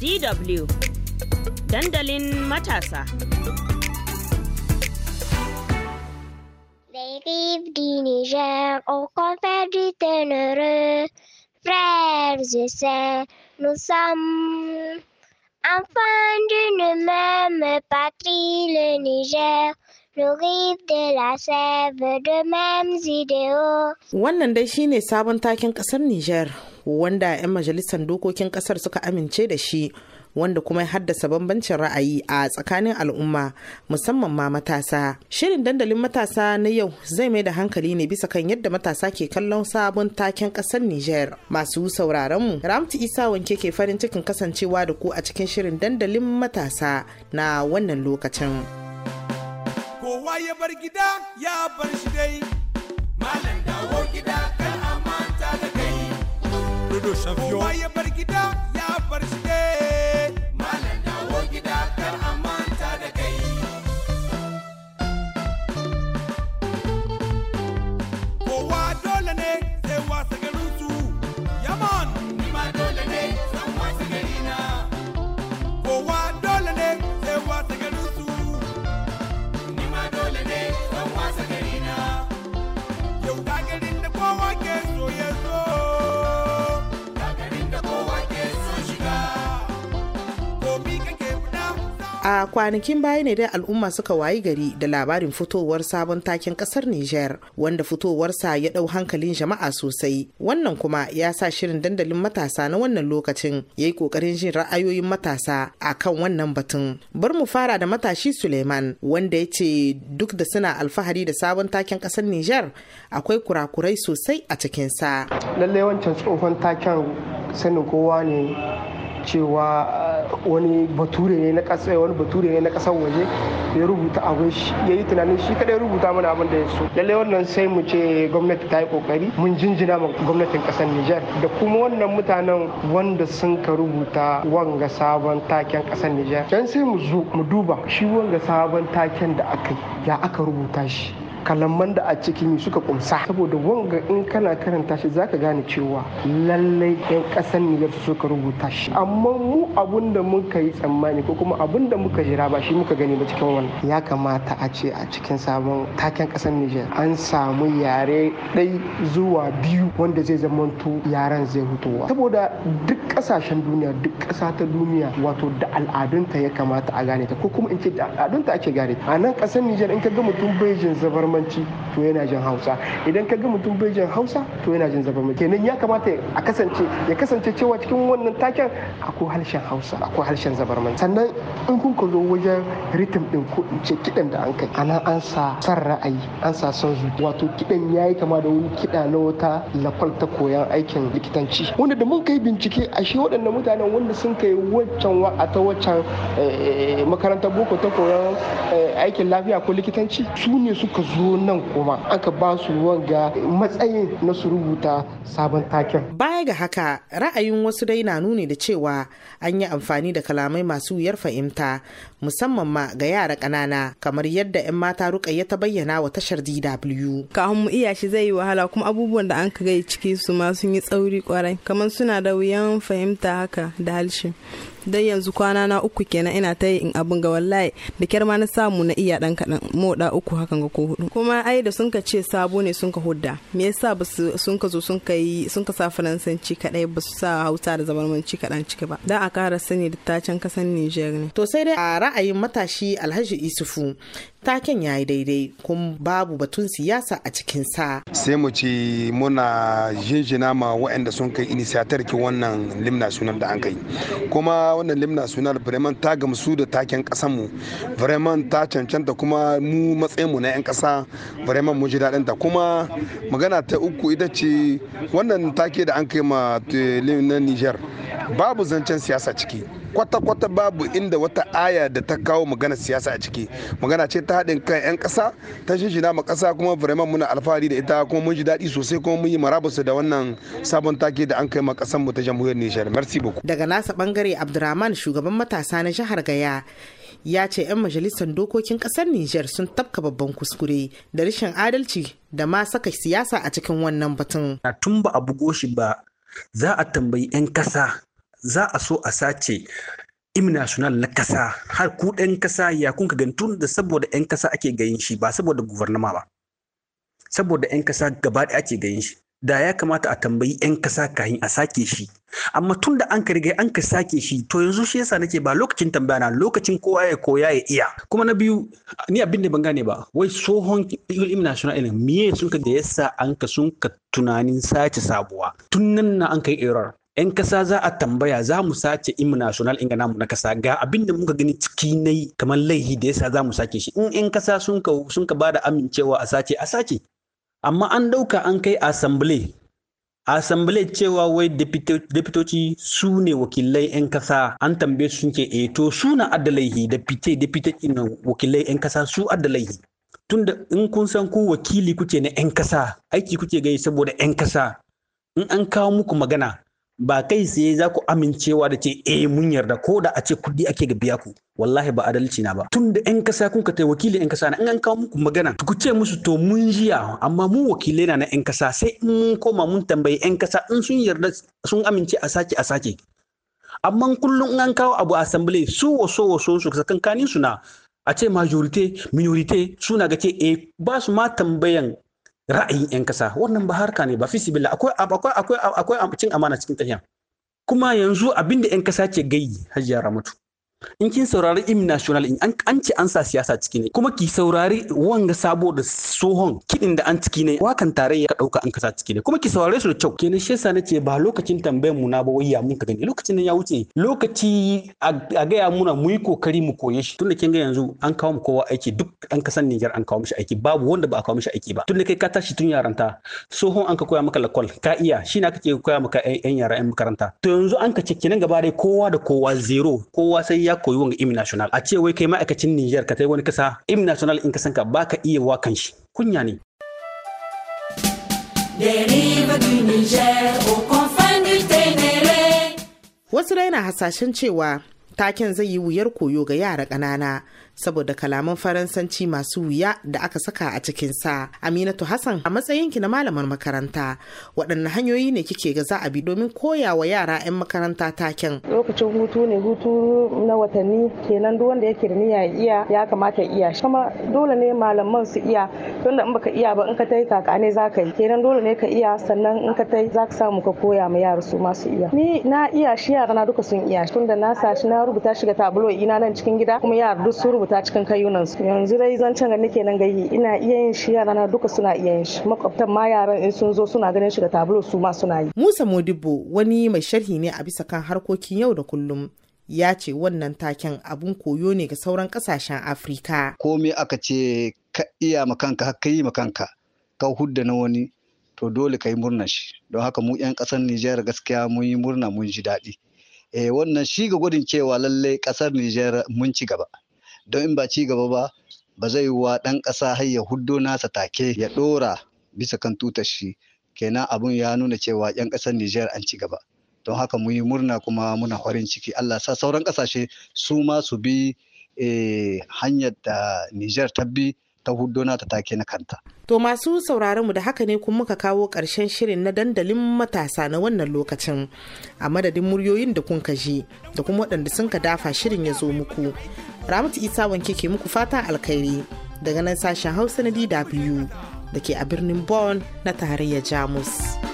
DW dandalin matasa. Les rives du Niger au confère du ténéreux. Frères et sœurs, nous sommes enfants d'une même patrie, le Niger. nourrir de la sève de mêmes idéaux. Wannan dai shine sabon takin kasar Nijar wanda 'yan majalisar dokokin kasar suka amince da shi wanda kuma ya haddasa bambancin ra'ayi a tsakanin al'umma musamman ma matasa. Shirin dandalin matasa na yau zai mai da hankali ne bisa kan yadda matasa ke kallon sabon taken kasar Nijar. Masu sauraron mu, Ramtu Isa wanke ke farin cikin kasancewa da ku a cikin shirin dandalin matasa na wannan lokacin. kowa ya bar gida ya bar shi dai malam dawo gida kan amanta da kai kowa ya bar gida ya bar shi dai a kwanakin baya ne dai al'umma suka wayi gari da labarin fitowar sabon taken kasar Nijar wanda fitowarsa ya ɗau hankalin jama'a sosai wannan kuma ya sa shirin dandalin matasa na wannan lokacin ya yi ƙoƙarin jin ra'ayoyin matasa a kan wannan batun bar mu fara da matashi Suleiman wanda ya ce duk da suna alfahari da sabon taken kasar Nijar akwai kurakurai sosai a cikinsa. Lallai wancan tsohon taken sanin kowa ne cewa wani bature ne na kasa wani bature ne na ƙasar waje ya rubuta abin shi ya yi tunanin shi kadai rubuta mana abin da ya so lallai wannan sai mu ce gwamnati ta yi kokari mun jinjina ma gwamnatin kasar Nijar da kuma wannan mutanen wanda sun ka rubuta wanga sabon taken ƙasar Nijar dan sai mu zo mu duba shi wanga sabon taken da aka ya aka rubuta shi kalaman da a cikin suka kumsa saboda wanga in kana karanta shi zaka gane cewa lallai yan kasan Niger suka rubuta shi amma mu abun da muka yi tsammani ko kuma abun da muka jira ba shi muka gani ba cikin wannan ya kamata a ce a cikin sabon taken kasan Niger an samu yare ɗai zuwa biyu wanda zai zamanto yaren zai hutowa saboda duk kasashen duniya duk ƙasa ta duniya wato da al'adunta ya kamata a gane ta ko kuma in ce da al'adunta ake gane a nan kasan Niger in ka ga mutum bai jin zabar zabarmanci to yana jin hausa idan ka ga mutum bai jin hausa to yana jin zabarmanci kenan ya kamata a kasance ya kasance cewa cikin wannan taken akwai harshen hausa akwai harshen zabarmanci sannan in kun ka zo wajen ritim din ko in ce kidan da an kai ana an sa san ra'ayi an sa son zuciya wato kidan yayi kama da wani kida na wata lafal ta koyan aikin likitanci wanda da mun kai bincike shi waɗannan mutanen wanda sun kai waccan wa a ta waccan eh, makarantar boko ta koyan eh, aikin lafiya ko likitanci su ne suka zo zo nan kuma aka ba su wanga matsayin na su rubuta sabon taken. Baya ga haka ra'ayin wasu dai na nuni da cewa an yi amfani da kalamai masu wuyar fahimta musamman ma ga yara ƙanana kamar yadda 'yan mata rukayya ta bayyana wa tashar DW. Kafin mu iya shi zai yi wahala kuma abubuwan da an ka gai ciki su ma sun yi tsauri kwarai kamar suna da wuyan fahimta haka da halshe. dan yanzu kwana na uku kenan ina ta in abin ga wallahi da kyar ma na samu na iya dan kadan moda uku hakan ga ko hudu kuma ai da sun ka ce sabo ne sun ka hudda me yasa ba sun ka zo sun ka yi sun ka sa faransanci kadai ba su sa hausa da ci kadan ciki ba da a kara sani da tacen kasan Niger ne to sai dai a ra'ayin matashi Alhaji Isufu taken ya yi daidai kuma babu batun siyasa a cikin sa. sai mu ce muna jinjina ma waɗanda sun kai inisiyatar ki wannan limna sunan da an kai kuma wannan limna suna vraiment ta gamsu da taken kasan mu vraiment ta cancanta kuma mu matsayin mu na yan kasa vraiment mu ji daɗin ta kuma magana ta uku ita ce wannan take da an kai ma eh, na Niger babu zancen siyasa ciki kwata-kwata babu inda wata aya da ta kawo magana siyasa a ciki magana ce ta haɗin kan 'yan ƙasa ta shishina ma ƙasa kuma vraiment muna alfahari da ita kuma mun ji daɗi sosai kuma mun yi marabusu da wannan sabon take da an kai ma ƙasar mu ta jamhuriyar Nijar merci beaucoup daga nasa bangare Abdurrahman shugaban matasa na jihar Gaya ya ce 'yan majalisar dokokin ƙasar Nijar sun tafka babban kuskure da rashin adalci da ma saka siyasa a cikin wannan batun. Tun ba a bugo shi ba za a tambayi 'yan kasa za a so a sace im national na kasa har ku ɗan kasa ya kun ka gantun da saboda ƴan kasa ake gayin shi ba saboda guvernama ba saboda 'yan kasa gaba ɗaya ake gayin shi da ya kamata a tambayi 'yan kasa kahin a sake shi amma tun da an riga an ka sake shi to yanzu shi yasa nake ba lokacin tambaya na lokacin kowa ya koya ya iya kuma na biyu ni abin da ban gane ba wai tsohon ilmi national ilm miye sun ka da yasa an ka sun ka tunanin sace sabuwa tun nan na an kai error 'yan kasa za a tambaya za mu sace imu national inga namu na kasa ga abin da muka gani ciki na yi kamar laihi da yasa za mu sake shi in 'yan kasa sun ka sun ka bada amincewa a sace a sace amma an dauka an kai assembly asambile cewa wai deputoci su ne wakilai 'yan kasa an tambaye su sun ce eh, to su na adda laihi deputy ina wakilai 'yan kasa su adda laihi tunda in kun san ku wakili kuke na 'yan kasa aiki kuke gani saboda 'yan kasa in an kawo muku magana ba kai sai za ku amincewa da ce eh mun yarda ko da a ce kuɗi ake ga biya ku wallahi ba adalci na ba tun da 'yan kasa kun ka wakilin wakili 'yan kasa na in an kawo muku magana ku ce musu to mun jiya amma mu wakilai na na 'yan kasa sai in mun koma mun tambayi 'yan kasa in sun yarda sun amince a sake a sake amma kullum in an kawo abu a assembly su waso waso su kankanin su na a ce majorite minorite suna ga ce eh ba su ma tambayan ra'ayin 'yan kasa wannan ba harka ne ba fi sibila akwai akwai akwai akwai cin amana cikin tahiya kuma yanzu abinda 'yan kasa ke gayi hajiya ramatu in kin saurari im national in an kanci an sa siyasa ciki ne kuma ki saurari wanga sabo da sohon kidin da an ciki ne wakan tarayya ka dauka an kasa ciki ne kuma ki saurare su da kyau kenan shi yasa nace ba lokacin tambayar mu na ba wayya mun ka gani lokacin nan ya wuce lokaci a ga gaya muna mu yi kokari mu koye shi tunda kin ga yanzu an kawo mu kowa aiki duk an kasan Niger an kawo mishi aiki babu wanda ba a kawo mishi aiki ba tunda kai ka tashi tun yaranta sohon an ka koya maka lakol ka iya shi na kake koya maka yan yara makaranta to yanzu an ka kenan gaba dai kowa da kowa zero kowa sai ya koyi wanga im national a ce wai kai ma'aikacin Niger ka tai wani kasa im national in ka san ka baka iya wa kan shi kunya ne Wasu raina hasashen cewa taken zai yi wuyar koyo ga yara ƙanana saboda kalaman faransanci masu wuya da aka saka a cikinsa. Aminatu Hassan a matsayinki na malamar makaranta waɗanne hanyoyi ne kike ga za a bi domin koya wa yara 'yan makaranta taken. Lokacin hutu ne hutu na watanni kenan duk wanda yake da niyya iya ya kamata iya shi kuma dole ne malaman su iya tunda in baka iya ba in ka tai kaka ne za ka yi kenan dole ne ka iya sannan in ka tai za ka samu ka koya ma yara su masu iya. Ni na iya shi yara na duka sun iya tunda na sa na rubuta shi ga tabulo ina nan cikin gida kuma yara duk sun rubuta cikin kayunan su yanzu dai zancen ga nake nan gayi ina iya yin shi yara na duka suna iya yin shi makwabtan ma yaran in sun zo suna ganin shi da tabulo su ma suna yi Musa Modibo wani mai sharhi ne a bisa kan harkokin yau da kullum ya ce wannan taken abun koyo ne ga sauran kasashen Afrika komai aka ce ka iya makanka har ka yi makanka ka hudda na wani to dole ka yi murna shi don haka mu 'yan kasar Nijar gaskiya mun yi murna mun ji daɗi. Eh, wannan shi ga gudun cewa lallai ƙasar Nijar mun ci gaba. don in ba ci gaba ba ba zai wa ɗan ƙasa har ya huddo nasa take ya ɗora bisa kan tutar shi kenan abun ya nuna cewa 'yan ƙasar Nijar an ci gaba don haka mu yi murna kuma muna farin ciki Allah sa sauran ƙasashe su ma su bi eh, hanyar da Nijar ta bi ta huddo nata take na kanta. To masu sauraron mu da haka ne kun muka kawo ƙarshen shirin na dandalin matasa na wannan lokacin a madadin muryoyin da kun kaji da kuma waɗanda sun ka dafa shirin ya zo muku. Ramatu Isa wanke ke muku fatan alkhairi daga nan sashen Hausa na DW da ke a birnin Bonn na tarayyar Jamus.